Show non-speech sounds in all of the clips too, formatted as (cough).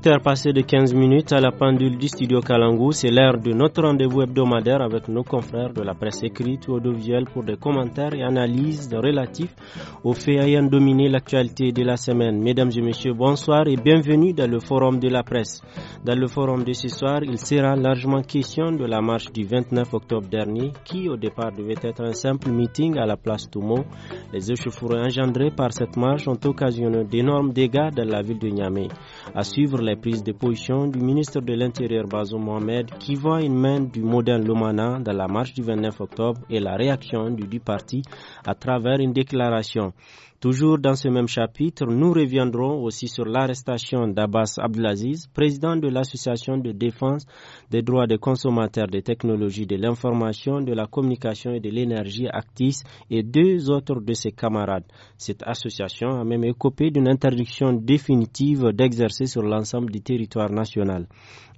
de 15 minutes à la pendule du studio Kalangou, c'est l'heure de notre rendez-vous hebdomadaire avec nos confrères de la presse écrite ou audiovisuelle pour des commentaires et analyses relatifs aux faits ayant dominé l'actualité de la semaine. Mesdames et messieurs, bonsoir et bienvenue dans le forum de la presse. Dans le forum de ce soir, il sera largement question de la marche du 29 octobre dernier qui au départ devait être un simple meeting à la place Toumo. Les échauffourées engendrées par cette marche ont occasionné d'énormes dégâts dans la ville de Niamey. À suivre prise de position du ministre de l'Intérieur Bazoum Mohamed qui voit une main du modèle Lomana dans la marche du 29 octobre et la réaction du, du parti à travers une déclaration. Toujours dans ce même chapitre, nous reviendrons aussi sur l'arrestation d'Abbas Abdelaziz, président de l'Association de défense des droits des consommateurs des technologies de l'information, de la communication et de l'énergie Actis et deux autres de ses camarades. Cette association a même écopé d'une interdiction définitive d'exercer sur l'ensemble du territoire national.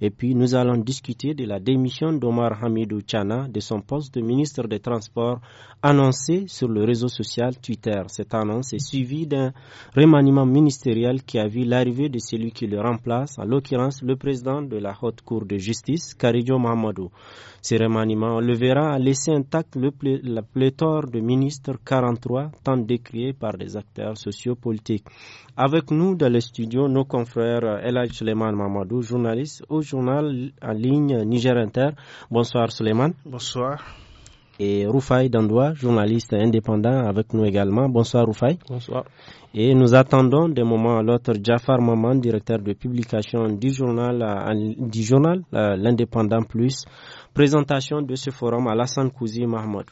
Et puis, nous allons discuter de la démission d'Omar Hamidou Chana de son poste de ministre des Transports annoncé sur le réseau social Twitter. Cette annonce suivi d'un remaniement ministériel qui a vu l'arrivée de celui qui le remplace, en l'occurrence le président de la Haute Cour de justice, Karidjo Mamadou. Ce remaniement, le verra, a laissé intact le pléthore de ministres 43, tant décriés par des acteurs sociopolitiques. Avec nous dans le studio, nos confrères euh, Elal Suleiman Mamadou, journaliste au journal en ligne Niger Inter. Bonsoir Suleiman. Bonsoir et Roufaï Dandoua, journaliste indépendant avec nous également. Bonsoir Roufaï. Bonsoir. Et nous attendons de moment à l'autre Jafar Maman, directeur de publication du journal, euh, journal euh, L'Indépendant Plus. Présentation de ce forum à Lassane Kouzi Mahmoud.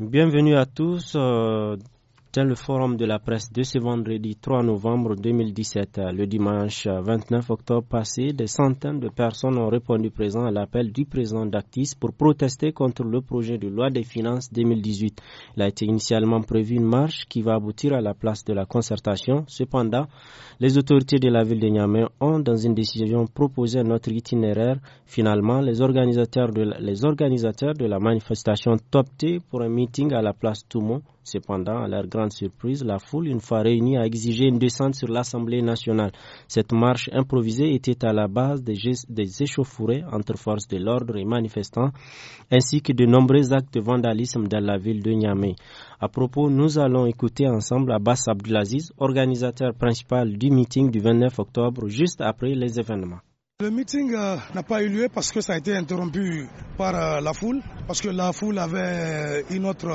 Bienvenue à tous. Euh, dans le forum de la presse de ce vendredi 3 novembre 2017. Le dimanche 29 octobre passé, des centaines de personnes ont répondu présent à l'appel du président d'Actis pour protester contre le projet de loi des finances 2018. Il a été initialement prévu une marche qui va aboutir à la place de la concertation. Cependant, les autorités de la ville de Niamey ont, dans une décision, proposé notre itinéraire. Finalement, les organisateurs de la, organisateurs de la manifestation ont opté pour un meeting à la place Toumont Cependant, à leur grande surprise, la foule, une fois réunie, a exigé une descente sur l'Assemblée nationale. Cette marche improvisée était à la base des, échauffourées entre forces de l'ordre et manifestants, ainsi que de nombreux actes de vandalisme dans la ville de Niamey. À propos, nous allons écouter ensemble Abbas Abdulaziz, organisateur principal du meeting du 29 octobre, juste après les événements. Le meeting euh, n'a pas eu lieu parce que ça a été interrompu par euh, la foule, parce que la foule avait euh, une autre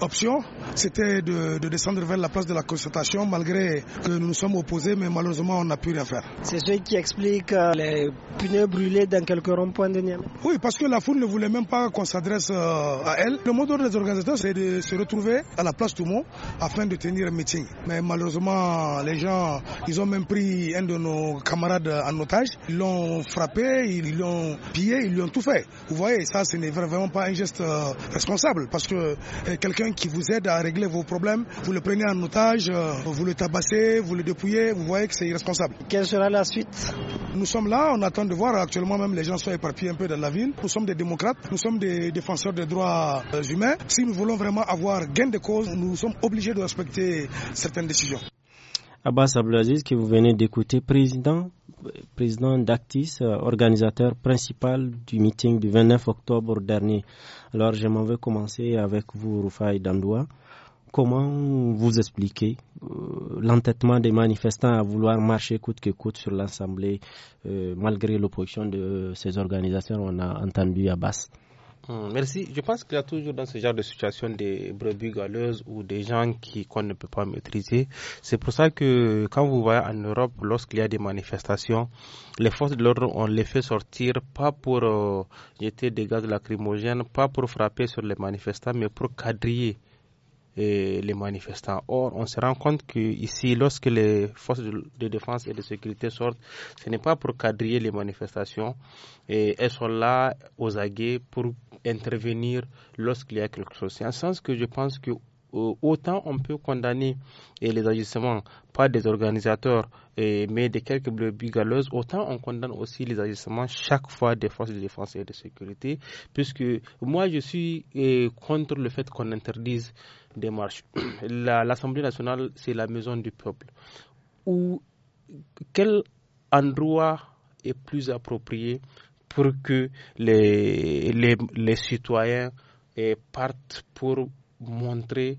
option, c'était de, descendre vers la place de la consultation malgré que nous nous sommes opposés, mais malheureusement on n'a pu rien faire. C'est ce qui explique les pneus brûlés dans quelques ronds-points de Niamey Oui, parce que la foule ne voulait même pas qu'on s'adresse à elle. Le mot d'ordre des organisateurs, c'est de se retrouver à la place tout monde afin de tenir un meeting. Mais malheureusement, les gens, ils ont même pris un de nos camarades en otage, ils l'ont l'ont frappé, ils l'ont pillé, ils l'ont tout fait. Vous voyez, ça, ce n'est vraiment pas un geste euh, responsable parce que euh, quelqu'un qui vous aide à régler vos problèmes, vous le prenez en otage, euh, vous le tabassez, vous le dépouillez, vous voyez que c'est irresponsable. Quelle sera la suite Nous sommes là, on attend de voir. Actuellement, même les gens sont éparpillés un peu dans la ville. Nous sommes des démocrates, nous sommes des défenseurs des droits humains. Si nous voulons vraiment avoir gain de cause, nous sommes obligés de respecter certaines décisions. Abbas Abdelaziz, que vous venez d'écouter, président, président d'Actis, euh, organisateur principal du meeting du 29 octobre dernier. Alors, je m'en vais commencer avec vous, Rufai Dandoua. Comment vous expliquez euh, l'entêtement des manifestants à vouloir marcher coûte que coûte sur l'Assemblée, euh, malgré l'opposition de ces organisations On a entendu Abbas. Hum, merci. Je pense qu'il y a toujours dans ce genre de situation des brebis galeuses ou des gens qui qu'on ne peut pas maîtriser. C'est pour ça que quand vous voyez en Europe, lorsqu'il y a des manifestations, les forces de l'ordre, on les fait sortir pas pour euh, jeter des gaz lacrymogènes, pas pour frapper sur les manifestants, mais pour quadriller euh, les manifestants. Or, on se rend compte que ici, lorsque les forces de défense et de sécurité sortent, ce n'est pas pour quadriller les manifestations. Et elles sont là aux aguets pour intervenir lorsqu'il y a quelque chose. C'est un sens que je pense que euh, autant on peut condamner eh, les agissements, pas des organisateurs, eh, mais de quelques bleus galeuses, autant on condamne aussi les agissements chaque fois des forces de défense et de sécurité, puisque moi je suis eh, contre le fait qu'on interdise des marches. (clears throat) L'Assemblée nationale, c'est la maison du peuple. Où, quel endroit est plus approprié pour que les, les, citoyens eh, partent pour montrer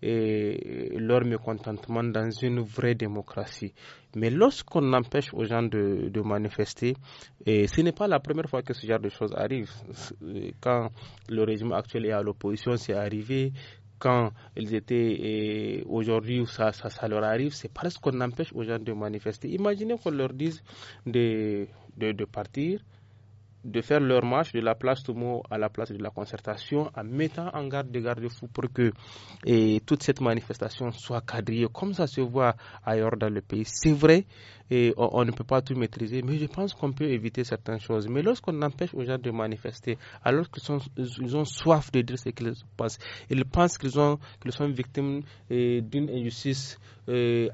eh, leur mécontentement dans une vraie démocratie. Mais lorsqu'on empêche aux gens de, de manifester, et eh, ce n'est pas la première fois que ce genre de choses arrive. (laughs) Quand le régime actuel est à l'opposition, c'est arrivé. Quand ils étaient aujourd'hui, ça, ça, ça, leur arrive, c'est parce qu'on empêche aux gens de manifester. Imaginez qu'on leur dise de, de partir, de faire leur marche de la place Tomo à la place de la concertation en mettant en garde des garde-fous pour que toute cette manifestation soit quadrillée comme ça se voit ailleurs dans le pays. C'est vrai, et on, ne peut pas tout maîtriser, mais je pense qu'on peut éviter certaines choses. Mais lorsqu'on empêche aux gens de manifester, alors qu'ils ont soif de dire ce qu'ils pensent, ils pensent qu'ils sont victimes d'une injustice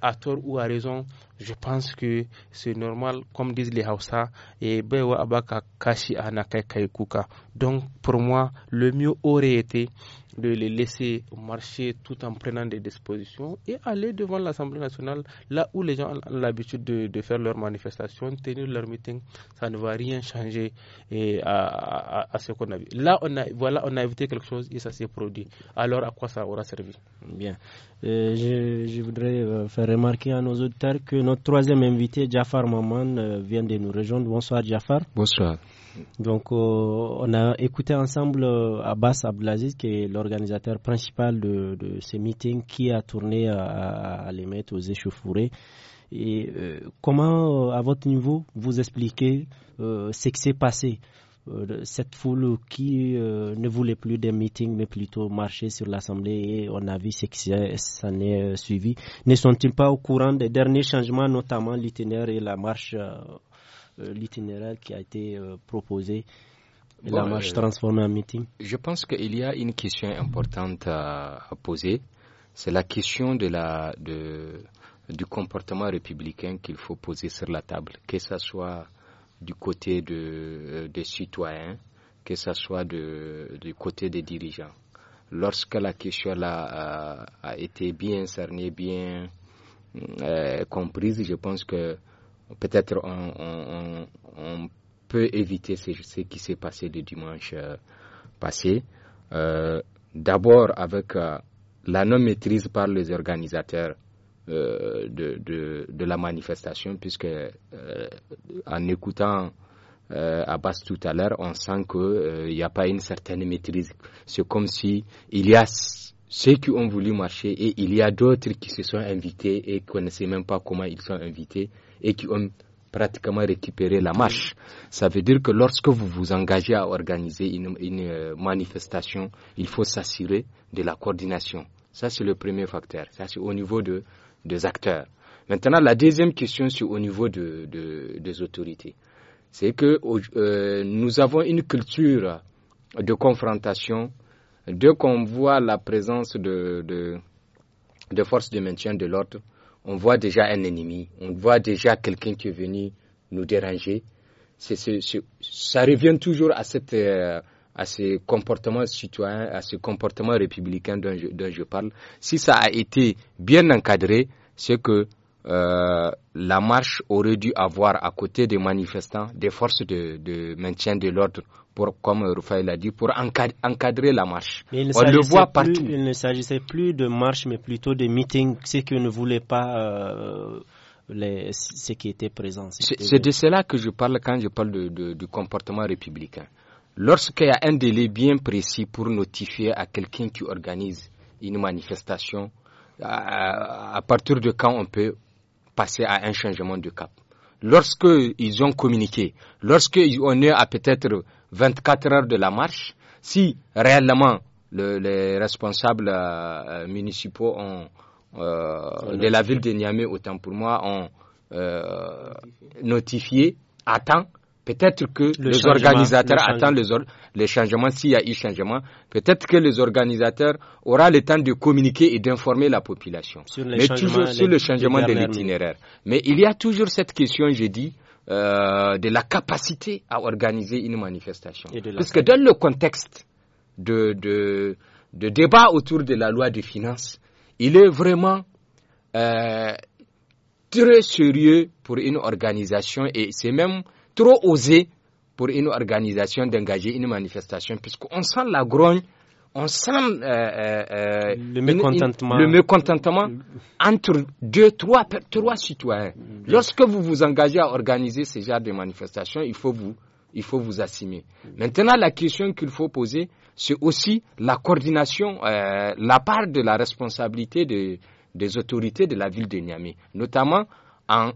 à tort ou à raison, je pense que c'est normal, comme disent les Hausa, et Bewa Abaka Kashi Anakai kuka. Donc, pour moi, le mieux aurait été de les laisser marcher tout en prenant des dispositions et aller devant l'Assemblée nationale, là où les gens ont l'habitude de, faire leurs manifestations, tenir leurs meetings. Ça ne va rien changer eh, à, ce qu'on a vu. Là, on a, voilà, on a évité quelque chose et ça s'est produit. Alors, à quoi ça aura servi Bien. Euh, je, je, voudrais euh, faire remarquer à nos auditeurs que notre troisième invité, Jafar Maman, euh, vient de nous rejoindre. Bonsoir, Jafar. Bonsoir. Donc, euh, on a écouté ensemble euh, Abbas Abdelaziz, qui est l'organisateur principal de, de ces meetings, qui a tourné à, à les mettre aux échauffourées. Et euh, comment, à votre niveau, vous expliquez ce qui s'est passé cette foule qui ne voulait plus des meetings, mais plutôt marcher sur l'Assemblée, et on a vu ce qui s'en est suivi. Ne sont-ils pas au courant des derniers changements, notamment l'itinéraire et la marche euh, l'itinéraire qui a été euh, proposé la marche euh, transformée en meeting Je pense qu'il y a une question importante à, poser. C'est la question de la, de, du comportement républicain qu'il faut poser sur la table, que ce soit du côté de, des citoyens, que ce soit de, du côté des dirigeants. Lorsque la question a, été bien cernée, bien comprise, je pense que peut-être on, peut éviter ce, qui s'est passé le dimanche euh, passé. Euh, d'abord avec euh, la non-maîtrise par les organisateurs de, de, la manifestation, puisque en écoutant Abbas tout à l'heure, on sent qu'il n'y a pas une certaine maîtrise. C'est comme si il y a ceux qui ont voulu marcher et il y a d'autres qui se sont invités et qui ne sait même pas comment ils sont invités et qui ont pratiquement récupéré la marche. Ça veut dire que lorsque vous vous engagez à organiser une, euh, manifestation, il faut s'assurer de la coordination. Ça, c'est le premier facteur. Ça, c'est au niveau de, des acteurs. Maintenant, la deuxième question, c'est au niveau de, des autorités. C'est que euh, nous avons une culture de confrontation Dès qu'on voit la présence de, de, de forces de maintien de l'ordre, on voit déjà un ennemi, on voit déjà quelqu'un qui est venu nous déranger. ça revient toujours à, cette, euh, à ce comportement citoyen, à ce comportement républicain dont je, dont je parle. Si ça a été bien encadré, c'est que euh, la marche aurait dû avoir à côté des manifestants des forces de, maintien de l'ordre, pour, comme Rufai a dit, pour encadrer la marche. On le voit partout. il ne s'agissait plus de marche, mais plutôt de meeting, ce que ne voulait pas euh, les, ce qui était présent. C'est de cela que je parle quand je parle du comportement républicain. Lorsqu'il y a un délai bien précis pour notifier à quelqu'un qui organise une manifestation, à, partir de quand on peut passer à un changement de cap. Lorsqu'ils ont communiqué, lorsqu'on est à peut-être 24 heures de la marche, si réellement les responsables euh, municipaux euh, de la ville de Niamey, autant pour moi, ont euh, notifié à temps, Peut-être que les organisateurs attendent les, les changements, s'il y a eu changement. Peut-être que les organisateurs auront le temps de communiquer et d'informer la population. Sur Mais toujours sur le changement de l'itinéraire. Mais il y a toujours cette question, j'ai dit, euh, de la capacité à organiser une manifestation. Parce que dans le contexte de, de, débat autour de la loi des finances, il est vraiment euh, très sérieux pour une organisation et c'est même trop osé pour une organisation d'engager une manifestation, puisqu'on sent la grogne, on sent euh, euh, euh, le, mécontentement. entre deux, trois, trois citoyens. Lorsque vous vous engagez à organiser ce genre de manifestation, il faut vous, il faut vous assumer. Maintenant, la question qu'il faut poser, c'est aussi la coordination, la part de la responsabilité de, des autorités de la ville de Niamey, notamment en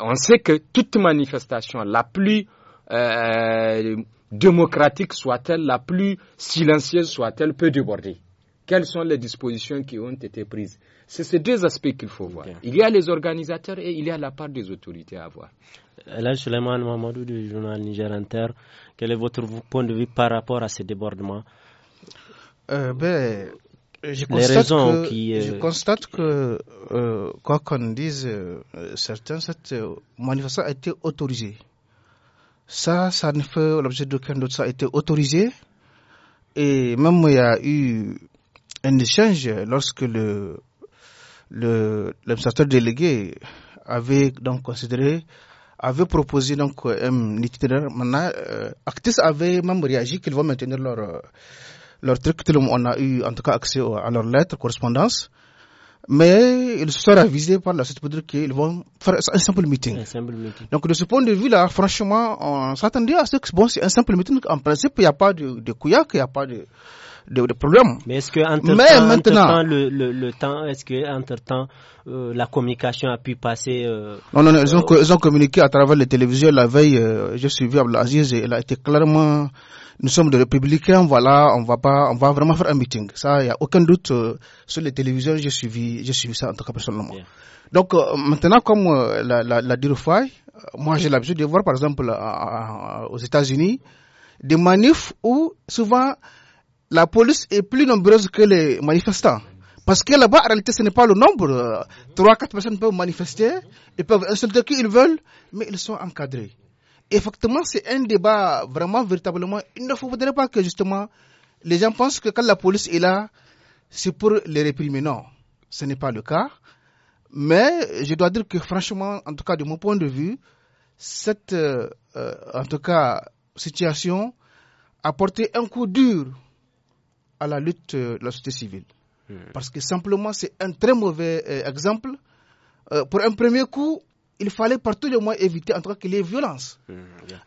on sait que toute manifestation, la plus euh, démocratique soit-elle, la plus silencieuse soit-elle, peut déborder. Quelles sont les dispositions qui ont été prises C'est ces deux aspects qu'il faut voir. Il y a les organisateurs et il y a la part des autorités à voir. Là, Suleiman Mamadou du journal Niger Inter, quel est votre point de vue par rapport à ces débordements euh, ben, euh, je euh, Je constate que, euh, quoi qu'on dise, euh, certains, cette manifestation a été autorisée. Ça, ça ne fait l'objet d'aucun doute. Ça a été autorisé. Et même il y a eu un échange lorsque le le délégué avait donc considéré avait proposé donc un itinéraire. Maintenant, Actis avait même réagi qu'ils vont maintenir leur leur tellement on a eu en tout cas accès à leurs lettres, correspondance Mais ils sont avisés par la société pour dire qu'ils vont faire un simple meeting. Donc de ce point de vue-là, franchement, on s'attendait à ce que bon, c'est un simple meeting. En principe, il n'y a pas de, de couillac, il n'y a pas de, de, de problème. Mais est-ce que entre temps, le, le, le, temps, est-ce que entre temps, euh, la communication a pu passer euh, Non, non, non euh, ils, ont, communiqué à travers les télévisions la veille. J'ai suivi Abdelaziz et il a été clairement nous sommes des républicains, voilà, on va pas, on va vraiment faire un meeting. Ça, il n'y a aucun doute. Euh, sur les télévisions, j'ai suivi, j'ai suivi ça en tout cas personnellement. Donc, euh, maintenant, comme euh, la, la, moi, j'ai l'habitude de voir, par exemple, aux États-Unis, des manifs où, souvent, la police est plus nombreuse que les manifestants. Parce que là-bas, en réalité, ce n'est pas le nombre. Trois, quatre personnes peuvent manifester, ils peuvent insulter qui ils veulent, mais ils sont encadrés effectivement, c'est un débat vraiment, véritablement. Il ne faudrait pas que justement les gens pensent que quand la police est là, c'est pour les réprimer. Non, ce n'est pas le cas. Mais je dois dire que franchement, en tout cas de mon point de vue, cette euh, euh, en tout cas, situation a porté un coup dur à la lutte euh, de la société civile. Hmm. Parce que simplement, c'est un très mauvais exemple. pour un premier coup, il fallait partout tous moins éviter en tout cas qu'il y ait violence. Mmh,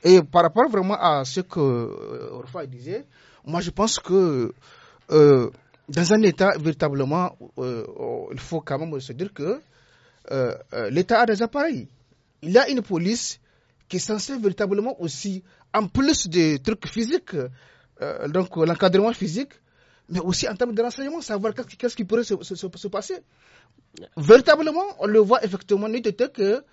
Et par rapport vraiment à ce que euh, Orfa disait, moi je pense que euh, dans un État, véritablement, euh, oh, il faut quand même se dire que l'État a des appareils. Il y a une police qui est censée véritablement aussi, en plus des trucs physiques, donc l'encadrement physique, mais aussi en termes de renseignement, savoir qu'est-ce qui pourrait se, passer. Véritablement, on le voit effectivement, nous que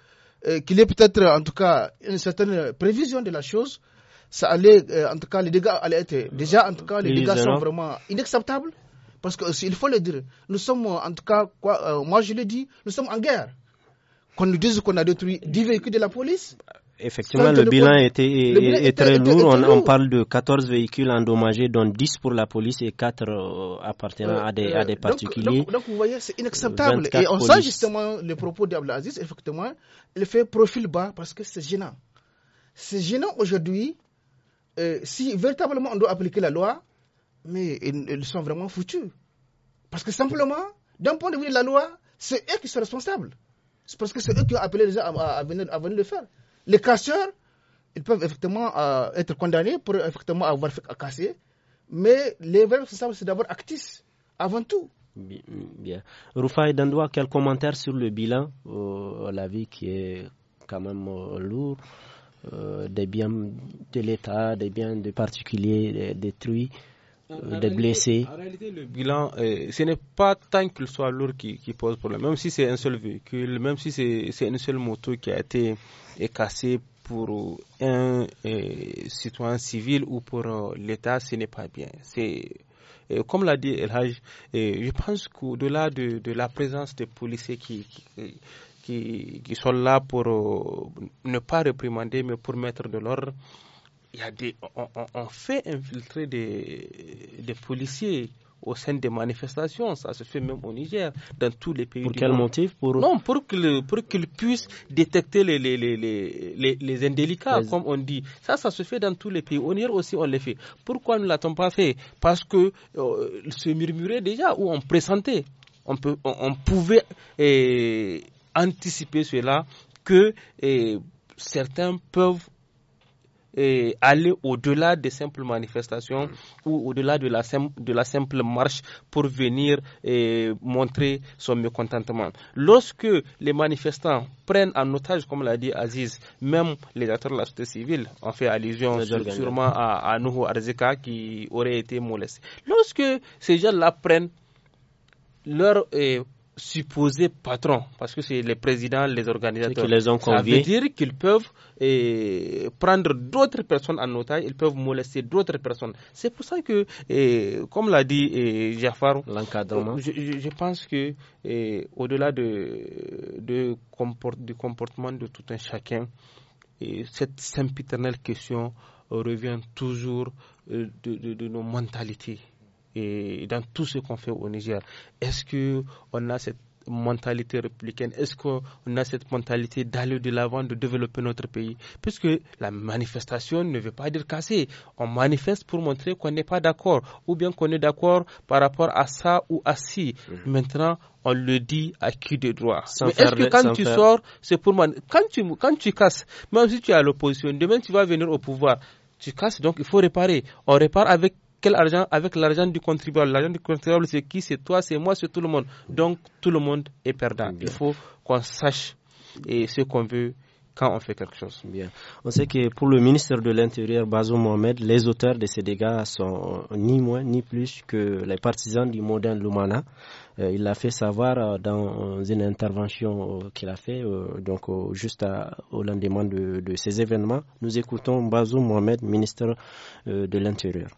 euh, qu'il y ait peut-être, en tout cas, une certaine prévision de la chose, ça allait, euh, en tout cas, les dégâts allaient être. Déjà, en tout cas, les dégâts sont vraiment inacceptables. Parce qu'il faut le dire, nous sommes, en tout cas, quoi, euh, moi je le dis, nous sommes en guerre. Qu'on nous dise qu'on a détruit 10 véhicules de la police, Effectivement, le bilan, était, très lourd. On, parle de 14 véhicules endommagés, dont 10 pour la police et 4 euh, appartenant euh, à, des, euh, particuliers. Donc, vous voyez, c'est inacceptable. Et on sent justement les propos d'Abdelaziz, effectivement, il fait profil bas parce que c'est gênant. C'est gênant aujourd'hui. si véritablement on doit appliquer la loi, mais ils, sont vraiment foutus. Parce que simplement, d'un point de vue de la loi, c'est eux qui sont responsables. C'est parce que c'est eux qui ont appelé les gens à venir le faire. Les casseurs, ils peuvent effectivement euh, être condamnés pour effectivement avoir fait casser, mais les vrais responsables, c'est d'abord actifs, avant tout. Bien. Rufai Dandoua, quel commentaire sur le bilan, euh, la vie qui est quand même lourde, euh, lourd, des biens de l'État, des biens de particuliers détruits euh, de blessés. En réalité, le bilan, euh, ce n'est pas tant qu'il soit lourd qui, pose problème. Même si c'est un seul véhicule, même si c'est une seule moto qui a été cassée pour un euh, citoyen civil ou pour l'État, ce n'est pas bien. C'est comme l'a dit El Haj, je pense qu'au-delà de, la présence des policiers qui, sont là pour ne pas réprimander, mais pour mettre de l'ordre y a des, on, fait infiltrer des, des, policiers au sein des manifestations, ça se fait même au Niger, dans tous les pays. Pour quel motif pour... Non, pour qu'ils pour puissent détecter les, les, les, les, les indélicats, comme on dit. Ça, ça se fait dans tous les pays. Au Niger aussi, on l'a fait. Pourquoi ne l'a-t-on pas fait Parce que euh, se murmurait déjà ou on présentait. on, peut, on, pouvait eh, anticiper cela que eh, certains peuvent aller au-delà des simples manifestations ou au-delà de la, de la simple marche pour venir montrer son mécontentement. Lorsque les manifestants prennent en otage, comme l'a dit Aziz, même les acteurs de la société civile, on fait allusion sûrement à, à Arzika qui aurait été molesté. Lorsque ces gens-là prennent leur supposé patron, parce que c'est les présidents, les organisateurs. Qui les ont Ça veut dire qu'ils peuvent eh, prendre d'autres personnes en otage, ils peuvent molester d'autres personnes. C'est pour ça que, eh, comme l'a dit eh, Jafar, euh, Je, pense que au-delà de, de du comportement de tout un chacun, et cette question revient toujours euh, de nos mentalités et dans tout ce qu'on fait au Niger. Est-ce qu'on a cette mentalité républicaine Est-ce qu'on a cette mentalité d'aller de l'avant, de développer notre pays Puisque la manifestation ne veut pas dire casser. On manifeste pour montrer qu'on n'est pas d'accord ou bien qu'on est d'accord par rapport à ça ou à ci. Mhm. Maintenant, on le dit à qui de droit. est-ce que quand tu sors, c'est pour moi? quand tu quand tu casses, même si tu es à l'opposition, demain tu vas venir au pouvoir. Tu casses, donc il faut réparer. On répare avec quel argent Avec l'argent du contribuable. L'argent du contribuable, c'est qui C'est toi, c'est moi, c'est tout le monde. Donc, tout le monde est perdant. Il faut qu'on sache et ce qu'on veut quand on fait quelque chose. Bien. On sait que pour le ministre de l'Intérieur, Bazoum Mohamed, les auteurs de ces dégâts sont ni moins ni plus que les partisans du modèle Lumana. Euh, il l'a fait savoir euh, dans une intervention euh, qu'il a fait, donc juste au lendemain de, de, ces événements. Nous écoutons Bazoum Mohamed, ministre de l'Intérieur.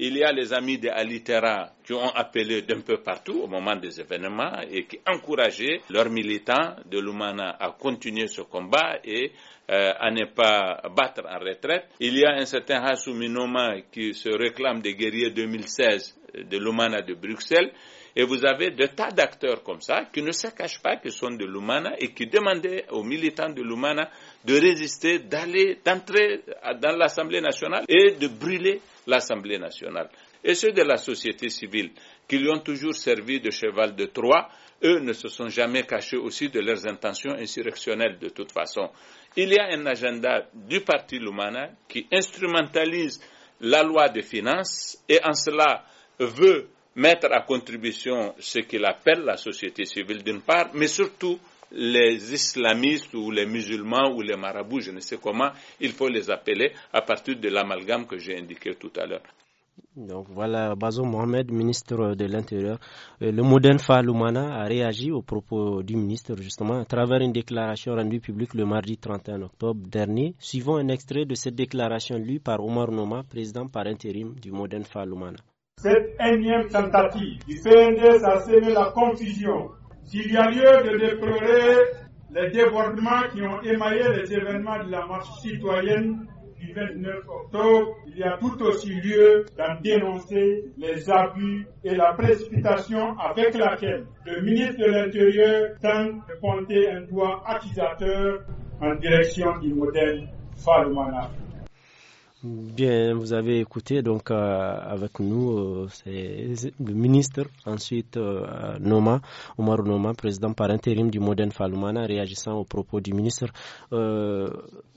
Il y a les amis de Alitera qui ont appelé d'un peu partout au moment des événements et qui encourageaient leurs militants de l'Umana à continuer ce combat et euh, à ne pas battre en retraite. Il y a un certain Hassou Minoma qui se réclame des guerriers 2016 de l'Umana de Bruxelles. Et vous avez des tas d'acteurs comme ça qui ne se cachent pas qu'ils sont de l'Umana et qui demandaient aux militants de l'Umana de résister, d'aller, d'entrer dans l'Assemblée nationale et de brûler l'Assemblée nationale. Et ceux de la société civile qui lui ont toujours servi de cheval de Troie, eux ne se sont jamais cachés aussi de leurs intentions insurrectionnelles de toute façon. Il y a un agenda du parti Lumana qui instrumentalise la loi des finances et en cela veut mettre à contribution ce qu'il appelle la société civile d'une part, mais surtout les islamistes ou les musulmans ou les marabouts, je ne sais comment, il faut les appeler à partir de l'amalgame que j'ai indiqué tout à l'heure. Donc voilà, Bazo Mohamed, ministre de l'Intérieur. Euh, le Modène Faloumana a réagi aux propos du ministre justement à travers une déclaration rendue publique le mardi 31 octobre dernier. suivant un extrait de cette déclaration lue par Omar Noma, président par intérim du Modène Faloumana. Cette énième tentative du PND a semé la confusion s'il y a lieu de déplorer les débordements qui ont émaillé les événements de la marche citoyenne du 29 octobre, il y a tout aussi lieu d'en dénoncer les abus et la précipitation avec laquelle le ministre de l'Intérieur tente de pointer un doigt accusateur en direction du modèle Falmanafrique. Bien, vous avez écouté donc euh, avec nous euh, c'est le ministre, ensuite euh, Noma, Omar Noma, président par intérim du Modène Falumana, réagissant aux propos du ministre.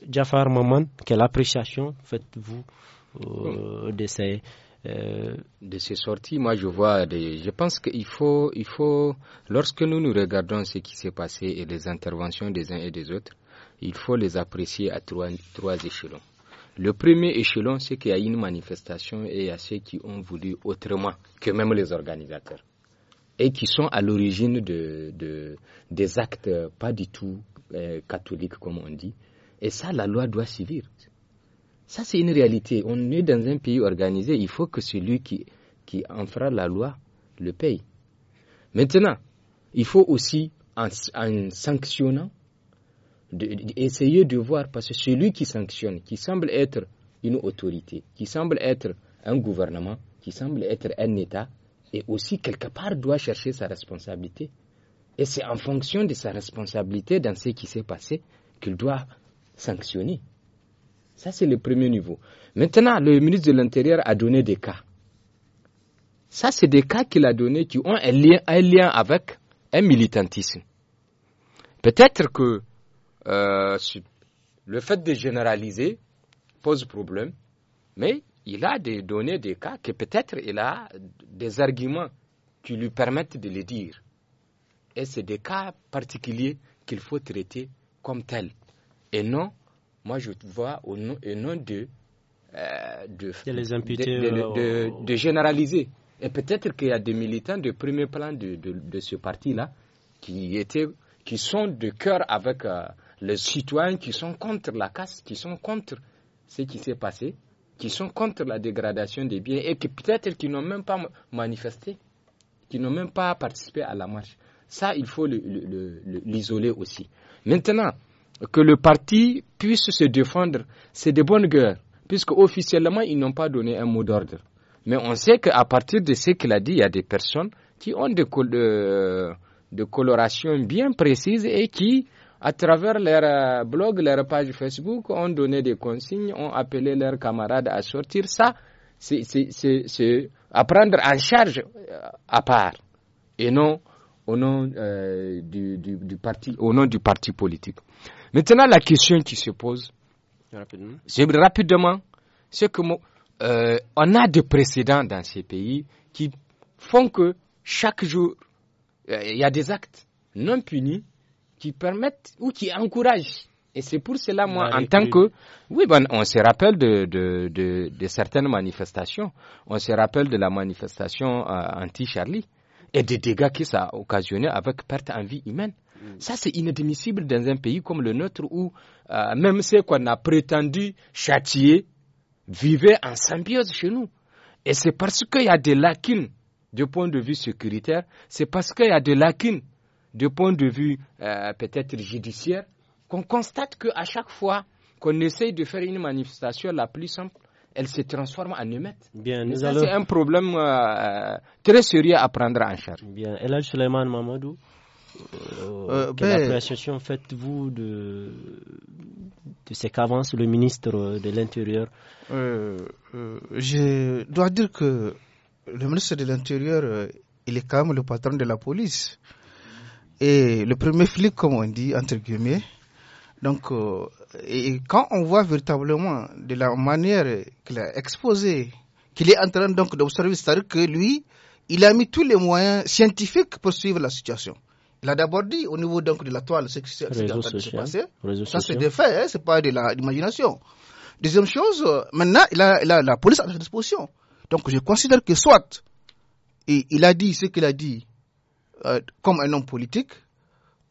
Jafar Maman, quelle appréciation faites-vous de ces de ces sorties, moi je vois, je pense qu'il faut, il faut, lorsque nous nous regardons ce qui s'est passé et les interventions des uns et des autres, il faut les apprécier à trois échelons. Le premier échelon, c'est qu'il y a une manifestation et il y a ceux qui ont voulu autrement que même les organisateurs et qui sont à l'origine de, des actes pas du tout euh, catholiques, comme on dit. Et ça, la loi doit suivre. Ça, c'est une réalité. On est dans un pays organisé. Il faut que celui qui, qui en la loi le paye. Maintenant, il faut aussi, en sanctionnant, d'essayer de, voir, parce que celui qui sanctionne, qui semble être une autorité, qui semble être un gouvernement, qui semble être un État, et aussi quelque part doit chercher sa responsabilité. Et c'est en fonction de sa responsabilité dans ce qui s'est passé qu'il doit sanctionner. Ça, c'est le premier niveau. Maintenant, le ministre de l'Intérieur a donné des cas. Ça, c'est des cas qu'il a donné qui ont un lien, un lien avec un militantisme. Peut-être que euh, le fait de généraliser pose problème, mais il a des données, des cas que peut-être il a des arguments qui lui permettent de les dire. Et c'est des cas particuliers qu'il faut traiter comme tels. Et non, moi je vois au nom, et non de, euh, de, de, généraliser. Et peut-être qu'il y a des militants de premier plan de, ce parti-là qui, étaient, qui sont de cœur avec euh, les citoyens qui sont contre la casse, qui sont contre ce qui s'est passé, qui sont contre la dégradation des biens et peut-être qui n'ont même pas manifesté, qui n'ont même pas participé à la marche. Ça, il faut l'isoler aussi. Maintenant, que le parti puisse se défendre, c'est de bonne guerre, puisque officiellement, ils n'ont pas donné un mot d'ordre. Mais on sait qu'à partir de ce qu'il a dit, il y a des personnes qui ont des, euh, de, colorations bien précises et qui à travers leur euh, blog, leur page Facebook, ont donné des consignes, ont appelé leurs camarades à sortir. Ça, c'est à prendre en charge euh, à part et non au nom, euh, du, parti, au nom du parti politique. Maintenant, la question qui se pose, c'est rapidement, c'est que on a des précédents dans ces pays qui font que chaque jour, il y a des actes non punis qui permettent ou qui encouragent. Et c'est pour cela, moi, en tant que... Oui, ben, on se rappelle de, de, de, de, certaines manifestations. On se rappelle de la manifestation euh, anti-Charlie et des dégâts qui ça a occasionné avec perte en vie humaine. Mm. Ça, c'est inadmissible dans un pays comme le nôtre où euh, même ceux qu'on a prétendu châtier vivaient en symbiose chez nous. Et c'est parce qu'il y a des lacunes du point de vue sécuritaire, c'est parce qu'il y a des lacunes du point de vue euh, peut-être judiciaire, qu'on constate qu'à chaque fois qu'on essaye de faire une manifestation la plus simple, elle se transforme en humette. C'est un problème euh, euh, très sérieux à prendre en charge. Bien, et Suleiman Mamadou, quelle ben- appréciation faites-vous de, de ce qu'avance le ministre de l'Intérieur Je dois dire que le ministre de l'Intérieur, il est quand même le patron de la police. Et le premier flic, comme on dit, entre guillemets, donc, euh, et quand on voit véritablement de la manière qu'il a exposé, qu'il est en train donc d'observer, c'est-à-dire que lui, il a mis tous les moyens scientifiques pour suivre la situation. Il a d'abord dit au niveau donc de la toile ce qui s'est passé. Ça, c'est des faits, hein, c'est pas de l'imagination. Deuxième chose, maintenant, il a, il a, la police à sa disposition. Donc, je considère que soit et il a dit ce qu'il a dit, euh, comme un homme politique,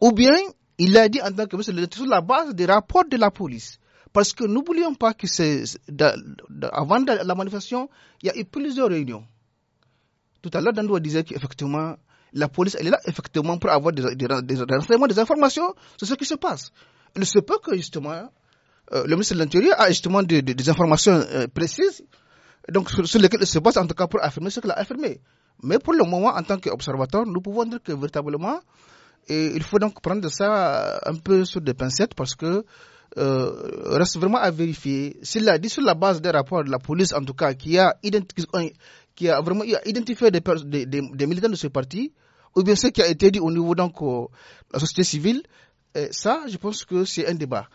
ou bien il a dit en tant que ministre sur la base des rapports de la police. Parce que n'oublions pas que c'est avant la manifestation, il y a eu plusieurs réunions. Tout à l'heure, Dandoua disait qu'effectivement, la police, elle est là effectivement pour avoir des, des, renseignements, des informations sur ce qui se passe. Il se peut que justement, euh, le ministre de l'Intérieur a justement des, informations euh, précises donc, sur, sur lesquelles il se base en tout cas pour affirmer ce qu'il a affirmé. Mais pour le moment, en tant qu'observateur, nous pouvons dire que véritablement, il faut donc prendre ça un peu sur des pincettes parce que euh, reste vraiment à vérifier. S'il a dit sur la base des rapports de la police, en tout cas, qui a, vraiment identifié des, militants de ce parti, ou bien ce qui a été dit au niveau donc la société civile, et ça, je pense que c'est un débat.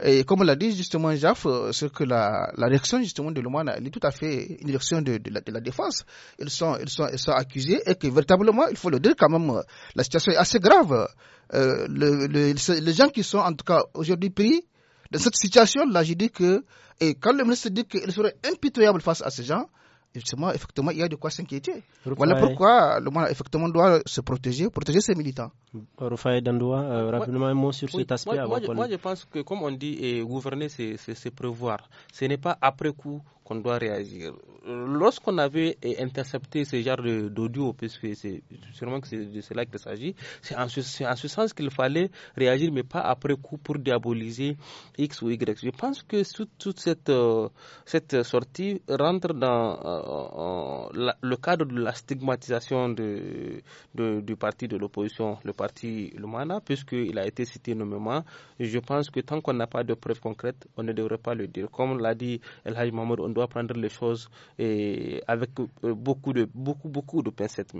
Et comme l'a dit justement Jaff, euh, ce que la, la, réaction justement de l'Oman, elle est tout à fait une réaction de, la, défense. Ils sont, ils, sont, ils sont accusés et que véritablement, il faut le dire quand même, euh, la situation est assez grave. Euh, le, les gens qui sont en tout cas aujourd'hui pris dans cette situation-là, je dis que, et quand le ministre dit qu'il serait impitoyable face à ces gens, effectivement, il y a de quoi s'inquiéter. Voilà pourquoi le monde effectivement doit se protéger, protéger ses militants. Raphaël Dandoua, euh, rapidement un mot sur cet aspect. Moi, je, pense que, comme on dit, gouverner, c'est prévoir. Ce n'est pas après coup qu'on doit réagir. Lorsqu'on avait eh, intercepté ce genre d'audio, puisque c'est sûrement que de cela qu'il s'agit, c'est en, ce, sens qu'il fallait réagir, mais pas après coup pour diaboliser X ou Y. Je pense que toute, toute cette, euh, cette sortie rentre dans euh, euh, le cadre de la stigmatisation de, du parti de l'opposition, le parti le puisqu'il a été cité nommément. Je pense que tant qu'on n'a pas de preuves concrètes, on ne devrait pas le dire. Comme l'a dit El Haj Mahmoud doit prendre les choses eh, avec euh, beaucoup de beaucoup beaucoup de pincettes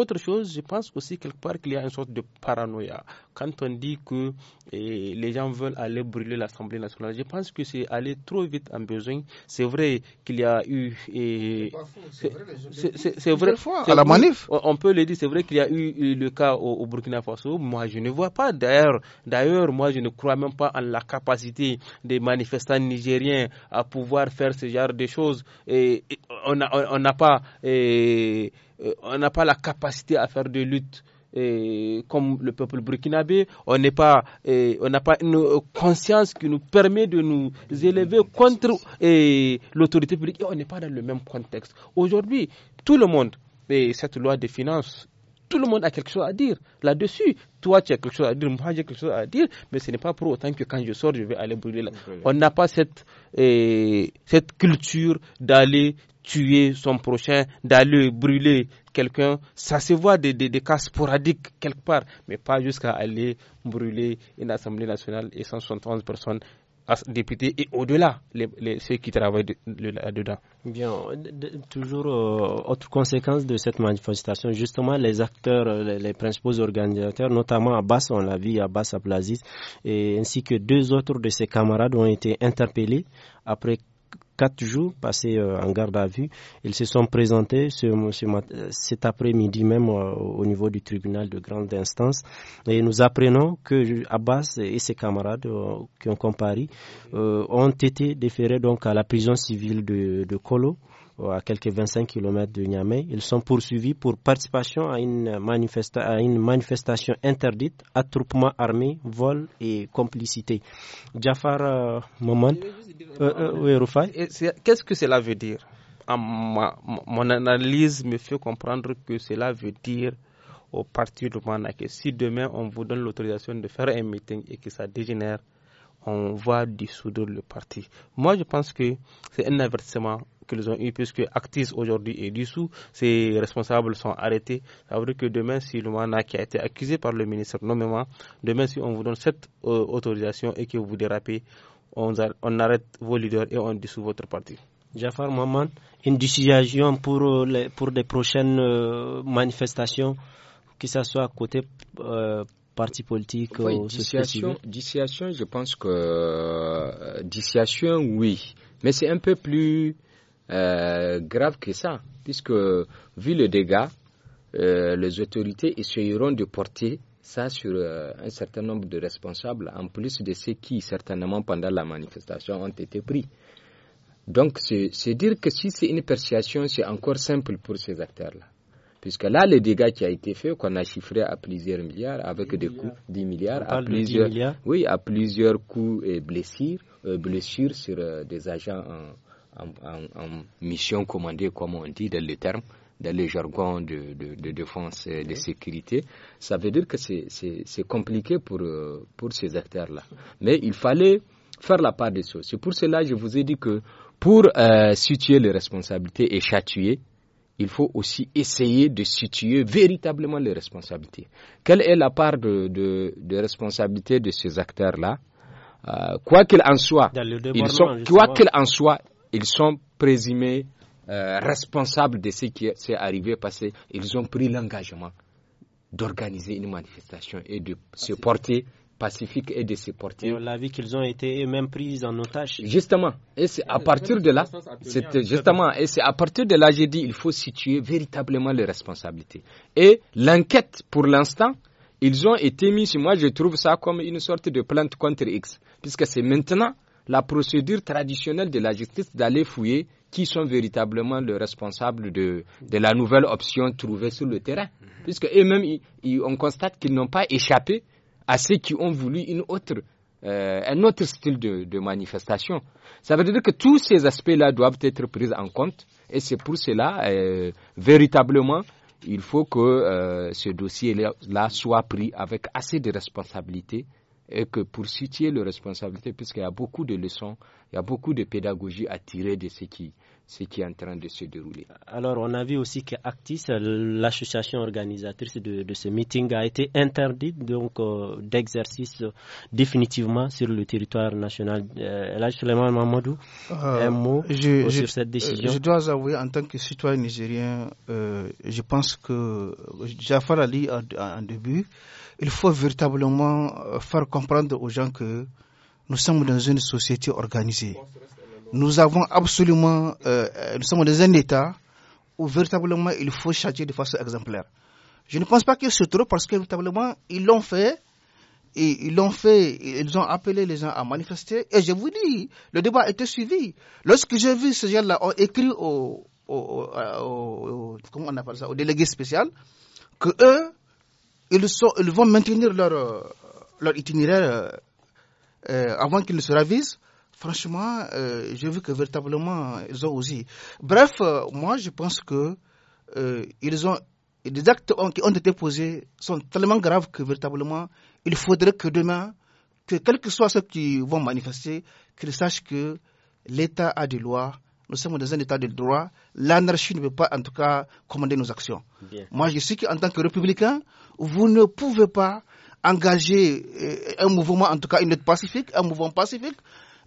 Autre chose, je pense aussi quelque part qu'il y a une sorte de paranoïa quand on dit que eh, les gens veulent aller brûler l'Assemblée nationale. Je pense que c'est aller trop vite en besoin. C'est vrai qu'il y a eu eh, c'est vrai, fois, à la manif. On peut le dire, c'est vrai qu'il y a eu euh, le cas au, Burkina Faso. Moi, je ne vois pas d'ailleurs d'ailleurs moi je ne crois même pas en la capacité des manifestants nigériens à pouvoir faire ce genre de choses et, on n'a pas, et, on n'a pas la capacité à faire des luttes et comme le peuple burkinabé, on n'est pas, on n'a pas une conscience qui nous permet de nous élever contre l'autorité publique. on n'est pas dans le même contexte. Aujourd'hui, tout le monde, et cette loi des finances tout le monde a quelque chose à dire là-dessus. Toi, tu as quelque chose à dire, moi, j'ai quelque chose à dire, mais ce n'est pas pour autant que quand je sors, je vais aller brûler On n'a pas eh, cette, culture d'aller tuer son prochain, d'aller brûler quelqu'un. Ça se voit des, des, cas sporadiques quelque part, mais pas jusqu'à aller brûler une assemblée nationale et 171 personnes députés et au-delà, les, ceux qui travaillent là-dedans. Bien, toujours euh, autre conséquence de cette manifestation, justement les acteurs, euh, les, principaux organisateurs, notamment Abbas, on l'a vu, Abbas Ablaziz, et ainsi que deux autres de ses camarades ont été interpellés après quatre jours passés euh, en garde à vue. Ils se sont présentés cet après-midi même euh, au niveau du tribunal de grande instance et nous apprenons que Abbas et ses camarades euh, qui ont comparé ont été déférés donc à la prison civile de, de à quelques 25 km de Niamey. Ils sont poursuivis pour participation à une, à une manifestation interdite, attroupement armé, vol et complicité. Jafar euh, Moman, euh, euh, qu'est-ce que cela veut dire mon analyse me fait comprendre que cela veut dire au parti du Mana que si demain on vous donne l'autorisation de faire un meeting et que ça dégénère, on va dissoudre le parti. Moi, je pense que c'est un avertissement qu'ils ont eu, puisque Actis aujourd'hui est dissous, ses responsables sont arrêtés. Ça que demain, si le MANA qui a été accusé par le ministre nommément, demain, si on vous donne cette euh, autorisation et que vous dérapez, on, arrête vos leaders et on dissout votre parti. Jafar Maman, une décision pour, euh, les, pour des prochaines euh, manifestations, que ce soit à côté parti politique ou société. je pense que. dissiation, oui. Mais c'est un peu plus euh, grave que ça, puisque vu le dégât, euh, les autorités essayeront de porter ça sur euh, un certain nombre de responsables, en plus de ceux qui, certainement, pendant la manifestation, ont été pris. Donc, c'est dire que si c'est une persuasion, c'est encore simple pour ces acteurs-là. Puisque là, le dégât qui a été fait, qu'on a chiffré à plusieurs milliards, avec des coûts, 10 milliards, à plusieurs, Oui, à plusieurs coups et blessures, blessures sur des agents en, mission commandée, comme on dit dans les termes, dans les jargons de, de, défense et de sécurité, ça veut dire que c'est compliqué pour, euh, pour ces acteurs-là. Mais il fallait faire la part des choses. C'est pour cela que je vous ai dit que pour euh, situer les responsabilités et châtier, il faut aussi essayer de situer véritablement les responsabilités. Quelle est la part de, de, responsabilité de ces acteurs-là euh, quoi qu'il en soit, ils sont, quoi qu'il en soit, ils sont présumés euh, responsables de ce qui s'est arrivé parce qu'ils ont pris l'engagement d'organiser une manifestation et de se ah, porter pacifique et de se porter. Et on l'a vu qu'ils ont été eux-mêmes pris en otage. Justement, et c'est à euh, partir de là, justement, et c'est à partir de là, j'ai dit, il faut situer véritablement les responsabilités. Et l'enquête, pour l'instant, ils ont été mis, moi je trouve ça comme une sorte de plainte contre X, puisque c'est maintenant la procédure traditionnelle de la justice d'aller fouiller qui sont véritablement les responsables de, de, la nouvelle option trouvée sur le terrain. Mhm. Puisque eux-mêmes, on constate qu'ils n'ont pas échappé à ceux qui ont voulu une autre, euh, un autre style de, de, manifestation. Ça veut dire que tous ces aspects-là doivent être pris en compte et c'est pour cela, euh, véritablement, il faut que euh, ce dossier-là soit pris avec assez de responsabilité et que pour situer leurs responsabilités, puisqu'il y a beaucoup de leçons, il y a beaucoup de pédagogie à tirer de ce qui, ce qui est en train de se dérouler. Alors, on a vu aussi que Actis, l'association organisatrice de, ce meeting, a été interdite donc euh, d'exercice définitivement sur le territoire national. Euh, Mamadou, euh, un mot je, euh, Je dois avouer, en tant que citoyen nigérien, je pense que Jafar Ali, en début, il faut véritablement faire comprendre aux gens que nous sommes dans une société organisée. Nous avons absolument, euh, nous sommes dans un État où véritablement il faut châtier de façon exemplaire. Je ne pense pas qu'il se trouve parce que véritablement ils l'ont fait ils l'ont fait, ils ont appelé les gens à manifester. Et je vous dis, le débat a été suivi. Lorsque j'ai vu ces gens-là ont écrit au, euh, on au délégué spécial, que eux, ils, vont maintenir leur, euh, itinéraire avant qu'ils ne se ravisent franchement, euh, je veux que véritablement, ils ont aussi. Bref, euh, moi, je pense que euh, ils ont, les actes qui ont été posés sont tellement graves que véritablement, il faudrait que demain, que quels que soient ceux qui vont manifester, qu'ils sachent que l'État a des lois. Nous sommes dans un état de droit. L'anarchie ne peut pas, en tout cas, commander nos actions. Moi, je sais qu'en tant que républicain, vous ne pouvez pas engager un mouvement, en tout cas une aide pacifique, un mouvement pacifique,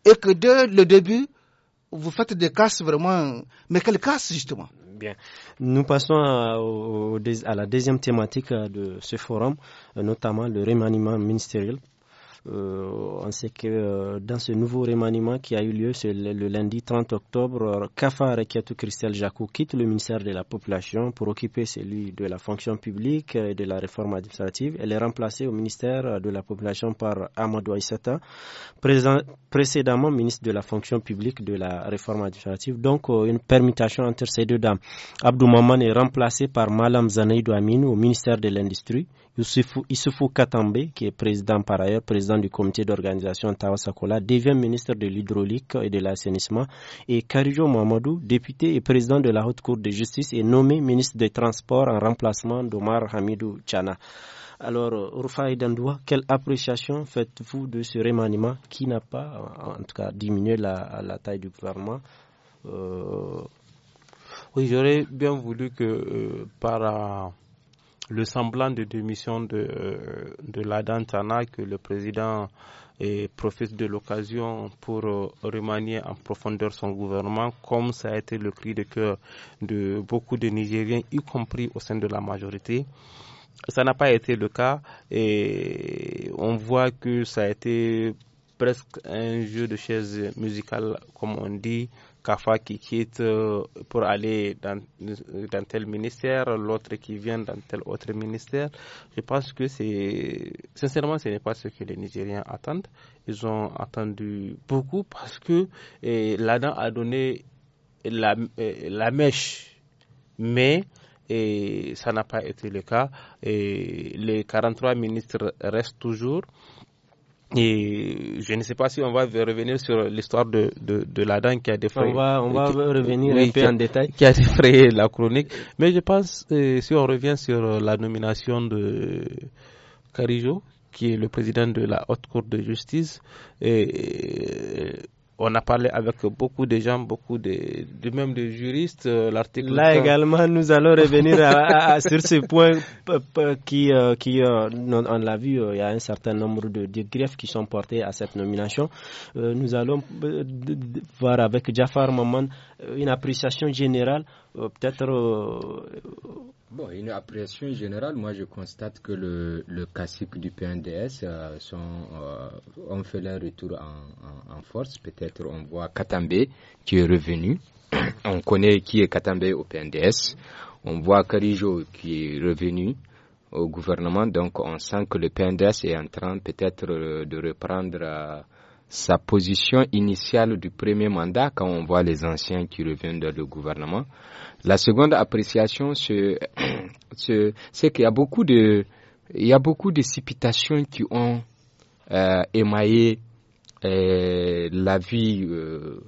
et que dès le début, vous faites des casses vraiment. Mais quelles casses, justement Bien. Nous passons à, à, la deuxième thématique euh, de ce forum, euh, notamment le remaniement ministériel euh, on sait que euh, dans ce nouveau remaniement qui a eu lieu le, le, lundi 30 octobre, euh, Kafa Rekiatou Christelle Jacou quitte le ministère de la Population pour occuper celui de la fonction publique et de la réforme administrative. Elle est remplacée au ministère de la Population par Amadou Aissata, précédemment ministre de la fonction publique de la réforme administrative. Donc, une permutation entre ces deux dames. Abdou Maman est remplacé par Malam Zanaïdou Amin au ministère de l'Industrie. Youssoufou Katambe, qui est président par ailleurs, président du comité d'organisation Tawasakola, devient ministre de l'hydraulique et de l'assainissement et Karijo Mamadou, député et président de la Haute Cour de justice, est nommé ministre des Transports en remplacement d'Omar Hamidou Tchana. Alors, euh, Rufai Dandoua, quelle appréciation faites-vous de ce remaniement qui n'a pas, en tout cas, diminué la, taille du gouvernement euh, Oui, j'aurais bien voulu que euh, par le semblant de démission de, euh, de la Tana que le président profite de l'occasion pour euh, remanier en profondeur son gouvernement, comme ça a été le cri de cœur de beaucoup de Nigériens, y compris au sein de la majorité. Ça n'a pas été le cas et on voit que ça a été presque un jeu de chaises musicales, comme on dit. CAFA qui quitte euh, pour aller euh, dans, tel ministère, l'autre qui vient dans tel autre ministère. Je pense que c'est, sincèrement, ce n'est pas ce que les Nigériens attendent. Ils ont attendu beaucoup parce que eh, l'ADAN a donné la, eh, mèche. Mais, eh, ça n'a pas été le cas. Et les 43 ministres restent toujours. Et je ne sais pas si on va revenir sur l'histoire de, de, de la dame qui a défrayé. On va, on va revenir un peu en détail. Qui a défrayé la chronique. Mais je pense, euh, si on revient sur euh, la nomination de Carijo, qui est le président de la Haute Cour de justice, et, euh, on a parlé avec beaucoup de gens, beaucoup de, de même des juristes. Euh, l'article. Là également, nous allons revenir à, sur ce point qui, euh, qui euh, on, l'a vu, il y a un certain nombre de, de griefs qui sont portés à cette nomination. nous allons voir avec Jafar Maman euh, une appréciation générale, euh, peut-être. Euh, bon, une appréciation générale, moi je constate que le, le classique du PNDS sont, ont fait leur retour en, force. Peut-être on voit Katambe qui est revenu. (clears throat) on connaît qui est Katambe au PNDS. On voit Karijo qui est revenu au gouvernement. Donc on sent que le PNDS est en train peut-être de reprendre sa position initiale du premier mandat quand on voit les anciens qui reviennent dans le gouvernement. La seconde appréciation, c'est (coughs) qu'il y a beaucoup de il y a beaucoup de cipitations qui ont euh, émaillé euh, la vie euh,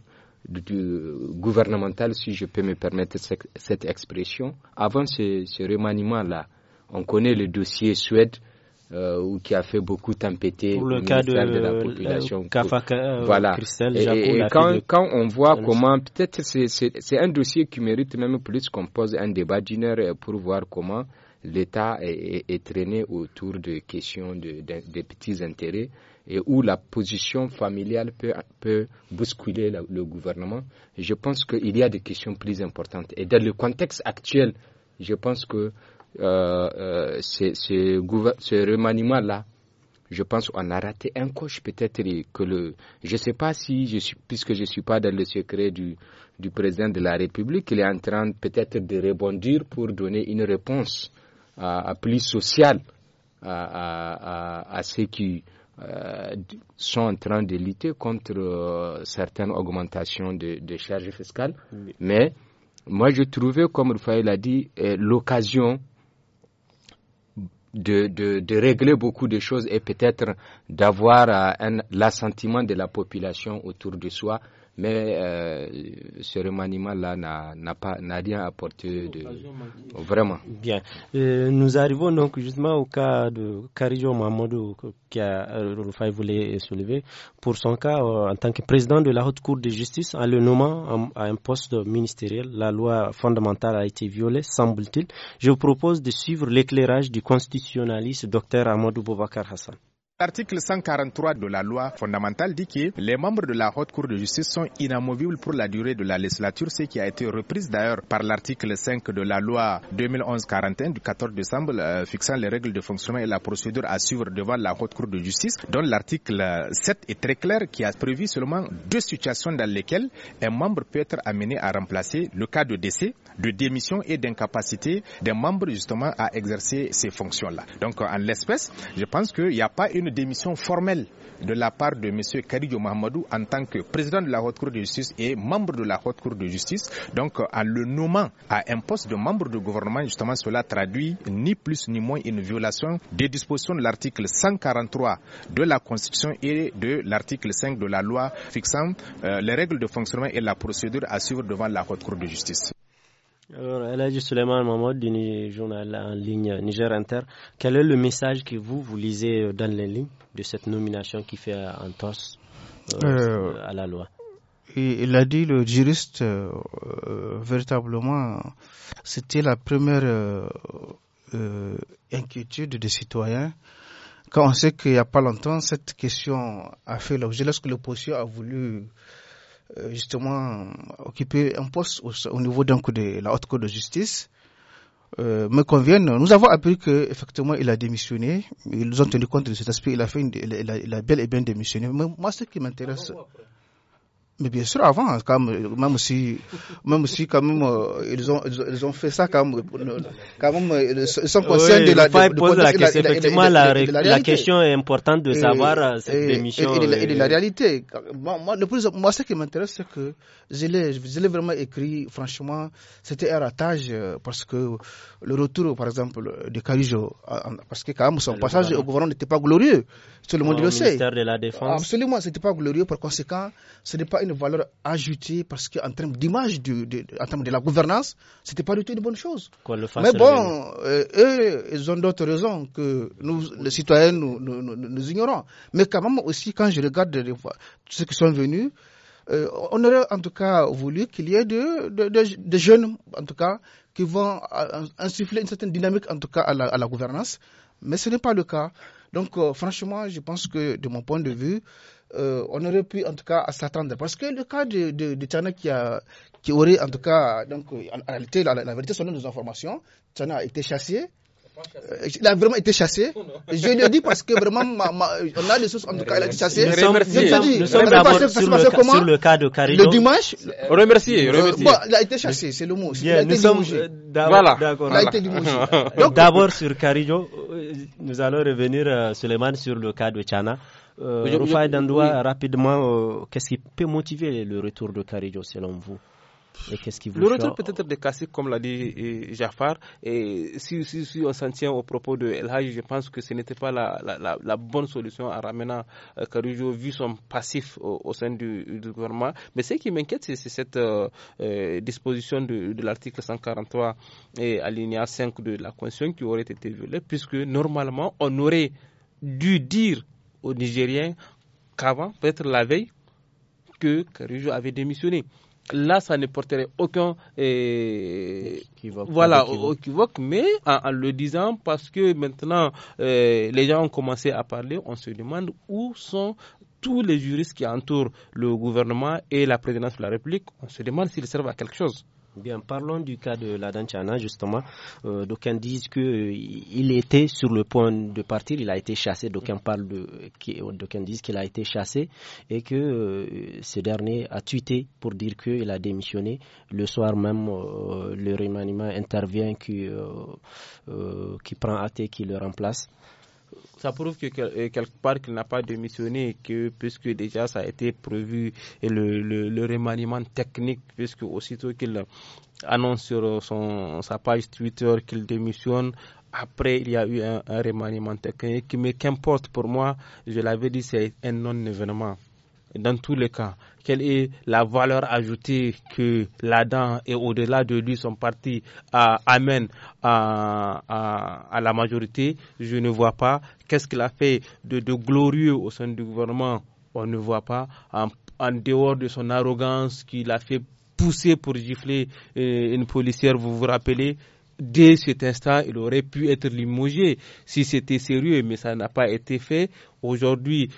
gouvernementale, si je peux me permettre cette expression, avant ce, ce remaniement-là. On connaît le dossier Suède euh, ou qui a fait beaucoup tempêter le cas de, la population. Euh, voilà. et, quand, quand, on voit comment, peut-être c'est un dossier qui mérite même plus qu'on pose un débat d'une euh, pour voir comment l'État est, traîné autour de questions de, de, petits intérêts et où la position familiale peut, peut bousculer le gouvernement. Je pense qu'il y a des questions plus importantes. Et dans le contexte actuel, je pense que ce, euh, euh, ce, remaniement-là, je pense qu'on a raté un coche peut-être que le je ne sais pas si je puisque je ne suis pas dans le secret du, président de la République, il est en train peut-être de rebondir pour donner une réponse à, plus sociale à, ceux qui euh, sont en train de lutter contre certaines augmentations de, charges fiscales. Mais moi, je trouvais, comme Rufail l'a dit, l'occasion de, de, de, régler beaucoup de choses et peut-être d'avoir euh, un l'assentiment de la population autour de soi mais euh, ce remaniement-là n'a n'a rien apporté de vraiment. Bien. Euh, nous arrivons donc justement au cas de Karijo Mamadou qui a euh, Rufai voulait soulever pour son cas en tant que président de la Haute Cour de justice en le nommant à un poste ministériel. La loi fondamentale a été violée, semble-t-il. Je vous propose de suivre l'éclairage du constitutionnaliste Docteur Amadou Boubacar Hassan. L'article 143 de la loi fondamentale dit que les membres de la Haute Cour de justice sont inamovibles pour la durée de la législature, ce qui a été repris d'ailleurs par l'article 5 de la loi 2011-41 du 14 décembre euh, fixant les règles de fonctionnement et la procédure à suivre devant la Haute Cour de justice, dont l'article 7 est très clair qui a prévu seulement deux situations dans lesquelles un membre peut être amené à remplacer le cas de décès, de démission et d'incapacité d'un membre justement à exercer ces fonctions-là. Donc en l'espèce, je pense qu'il n'y a pas une démission formelle de la part de M. Karidjo Mahamadou en tant que président de la Haute Cour de justice et membre de la Haute Cour de justice. Donc, en le nommant à un poste de membre du gouvernement, justement, cela traduit ni plus ni moins une violation des dispositions de l'article 143 de la Constitution et de l'article 5 de la loi fixant euh, les règles de fonctionnement et la procédure à suivre devant la Haute Cour de justice. Alors, Eladji Suleiman Mahmoud du journal en ligne Niger Inter, quel est le message que vous, vous lisez euh, dans les lignes de cette nomination qui fait un euh, euh, à la loi il a dit le juriste véritablement c'était la première inquiétude des citoyens quand on sait qu'il n'y a pas longtemps cette question a fait l'objet lorsque l'opposition a voulu euh, justement occuper un poste au, au niveau donc de la haute cour de justice euh, me conviennent. Nous avons appris que effectivement il a démissionné. Ils ont tenu compte de cet aspect. Il a fait, une, il, a, bel et bien démissionné. Mais moi, ce qui m'intéresse, mais bien sûr, avant, quand même, même si, même si quand même, euh, ils ont, ils ont, fait ça quand même, quand même euh, ils sont conscients de la. De, poser la question. Effectivement, la, la, question est importante de savoir euh, cette et, Et, de la réalité. Moi, le plus, moi ce qui m'intéresse, c'est que je l'ai, je l'ai vraiment écrit. Franchement, c'était un ratage parce que le retour, par exemple, de Carijo, parce que quand même son passage au gouvernement n'était pas glorieux. Tout le monde le De la Défense. Absolument, c'était pas glorieux. Par conséquent, ce n'est pas une valeur ajoutée parce qu'en termes d'image, en termes de la gouvernance, c'était n'était pas du tout une bonne chose. Mais bon, euh, eux, ils ont d'autres raisons que nous, les citoyens, nous, nous, ignorons. Mais quand même aussi, quand je regarde les, ceux qui sont venus, euh, on aurait en tout cas voulu qu'il y ait des de, de, jeunes, en tout cas, qui vont euh, insuffler une certaine dynamique, en tout cas, à la, gouvernance. Mais ce n'est pas le cas. Donc, franchement, je pense que, de mon point de vue, euh, on aurait pu en tout cas s'attendre. Parce que le cas de, de, Tchana qui, a, qui aurait en tout cas, donc euh, en, réalité, la, vérité selon nos informations, Tchana a été chassé. Euh, il a vraiment été chassé. Oh je le dis parce que vraiment, on a des sources, en tout cas, il a été chassé. Je te dis, nous sommes d'abord sur, le cas de Carino. Le dimanche. Remercier, bon, il a été chassé, c'est le mot. il a été Voilà. D'abord sur Carino, nous allons revenir, euh, Suleiman, sur le cas de Tchana. Euh, rapidement, euh, qu'est-ce qui peut motiver le retour de Carillo selon vous Le retour peut-être de Kassik, comme l'a dit euh, Jafar, et si, on s'en tient au propos de El je pense que ce n'était pas la, bonne solution à ramenant Carijo vu son passif au, sein du, gouvernement. Mais ce qui m'inquiète, c'est cette disposition de, de l'article 143 et alinéa 5 de la Constitution qui aurait été violée, puisque normalement, on aurait dû dire aux Nigériens qu'avant, peut-être la veille, que Carujo avait démissionné. Là, ça ne porterait aucun euh, équivoque, voilà, mais en, le disant, parce que maintenant, euh, les gens ont commencé à parler, on se demande où sont tous les juristes qui entourent le gouvernement et la présidence de la République, on se demande s'ils servent à quelque chose. Bien, parlons du cas de la Chana, justement. Euh, d'aucuns disent qu'il euh, était sur le point de partir, il a été chassé. D'aucuns parlent de, euh, d'aucuns disent qu'il a été chassé et que ce dernier a tweeté pour dire qu'il a démissionné. Le soir même, le remaniement intervient qui, qui prend athée, qui le remplace ça prouve que euh, quelque part qu'il n'a pas démissionné, que puisque déjà ça a été prévu et le, le, remaniement technique, puisque aussitôt qu'il annonce sur son, sa page Twitter qu'il démissionne, après il y a eu un remaniement technique, mais qu'importe pour moi, je l'avais dit, c'est un non-événement dans tous les cas, quelle est la valeur ajoutée que l'Adam et au-delà de lui son parti amènent amène à, la majorité, je ne vois pas. Qu'est-ce qu'il a fait de, glorieux au sein du gouvernement On ne voit pas. en dehors de son arrogance qu'il a fait pousser pour gifler euh, une policière, vous vous rappelez dès cet instant, il aurait pu être limogé si c'était sérieux, mais ça n'a pas été fait. Aujourd'hui,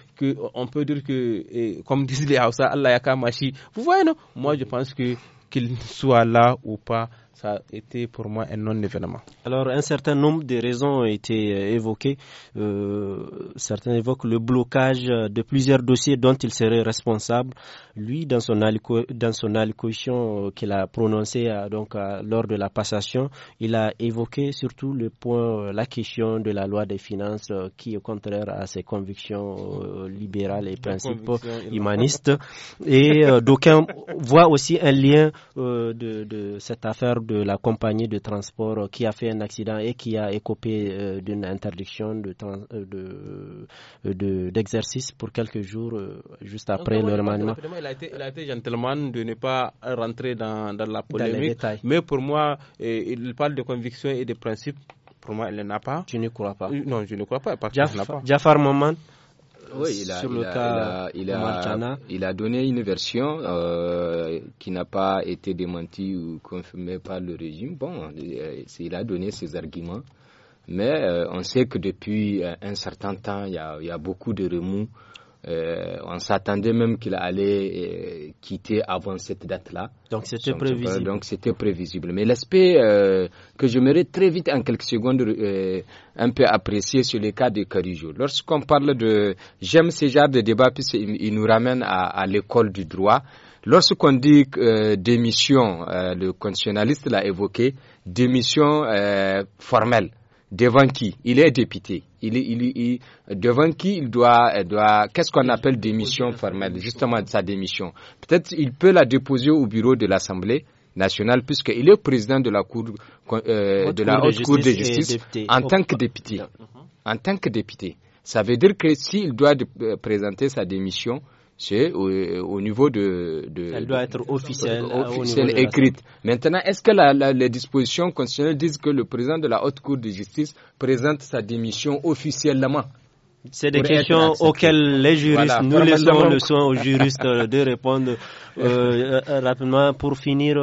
on peut dire que, comme disent les Hausa, Allah Yakamashi. Vous voyez, non Moi, je pense que qu'il soit là ou pas, ça a été pour moi un non-événement. Alors, un certain nombre de raisons ont été euh, évoquées. Euh, certains évoquent le blocage de plusieurs dossiers dont il serait responsable. Lui, dans son, allocution euh, qu'il a prononcée donc, lors de la passation, il a évoqué surtout le point, la question de la loi des finances qui est contraire à ses convictions libérales et principes humanistes. Et d'aucuns voient aussi un lien de cette affaire de la compagnie de transport qui a fait un accident et qui a écopé euh, d'une interdiction euh, euh, d'exercice de, de, pour quelques jours juste après le remaniement. Il a, été, il de ne pas rentrer dans, la polémique. mais pour moi, eh, il parle de conviction et de principe. Pour moi, il n'en a pas. Tu ne crois pas Non, je ne crois pas. Jafar Maman il a, il a, donné une version euh, qui n'a pas été démentie ou confirmée par le régime. Bon, euh, il a donné ses arguments. Mais euh, on sait que depuis un certain temps, il y a beaucoup de remous euh, on s'attendait même qu'il allait euh, quitter avant cette date-là. Donc c'était prévisible. Donc c'était prévisible. Mais l'aspect euh, que j'aimerais très vite en quelques secondes euh, un peu apprécier sur le cas de Carijo. Lorsqu'on parle de... J'aime ces genre de débat puisqu'il nous ramène à, à l'école du droit. Lorsqu'on dit démission, le constitutionnaliste l'a évoqué, démission formelle devant qui il est député il, il, il, devant qui il doit, euh, doit qu'est-ce qu'on appelle démission formelle justement sa démission peut-être il peut la déposer au bureau de l'Assemblée nationale puisqu'il est président de la cour euh, de la haute cour de justice, en tant que oh, député en tant que député ça veut dire que s'il doit euh, présenter sa démission c'est au, niveau de, Elle doit être officielle. Euh, officielle écrite. Maintenant, est-ce que les dispositions constitutionnelles disent que le président de la Haute Cour de justice présente sa démission officiellement c'est des questions auxquelles les juristes, nous laissons le soin aux juristes de répondre euh, euh, rapidement pour finir.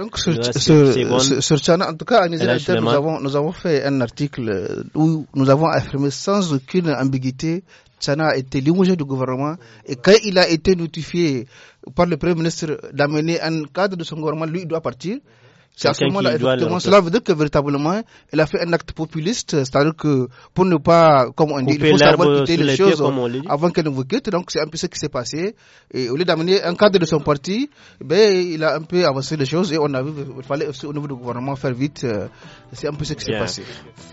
Donc, sur, sur, en tout cas, nous avons, nous avons fait un article où nous avons affirmé sans aucune ambiguïté Tchana a été limogé du gouvernement et quand il a été notifié par le Premier ministre d'amener un cadre de son gouvernement, lui, il doit partir. C'est à ce Cela veut dire que véritablement, elle a fait un acte populiste, c'est-à-dire que pour ne pas, comme on dit, il faut savoir quitter les, choses avant qu'elle ne vous quitte. Donc c'est un peu ce qui s'est passé. Et au lieu d'amener un cadre de son parti, ben, il a un peu avancé les choses et on a vu fallait au niveau du gouvernement faire vite. Euh, c'est un peu ce qui s'est passé.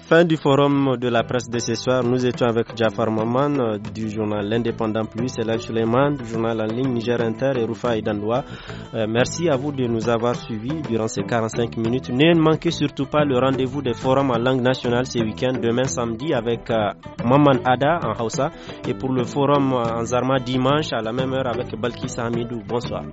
Fin du forum de la presse de ce soir. Nous étions avec Jafar Maman euh, du journal L'Indépendant Plus, et Suleiman du journal en ligne Niger Inter et Rufa Idandoua. Euh, merci à vous de nous avoir suivis durant ces 40 5 minutes. Ne manquez surtout pas le rendez-vous des forums en langue nationale ce week-end, demain samedi, avec euh, Maman Ada en Hausa et pour le forum euh, en Zarma dimanche à la même heure avec Balkis Hamidou. Bonsoir.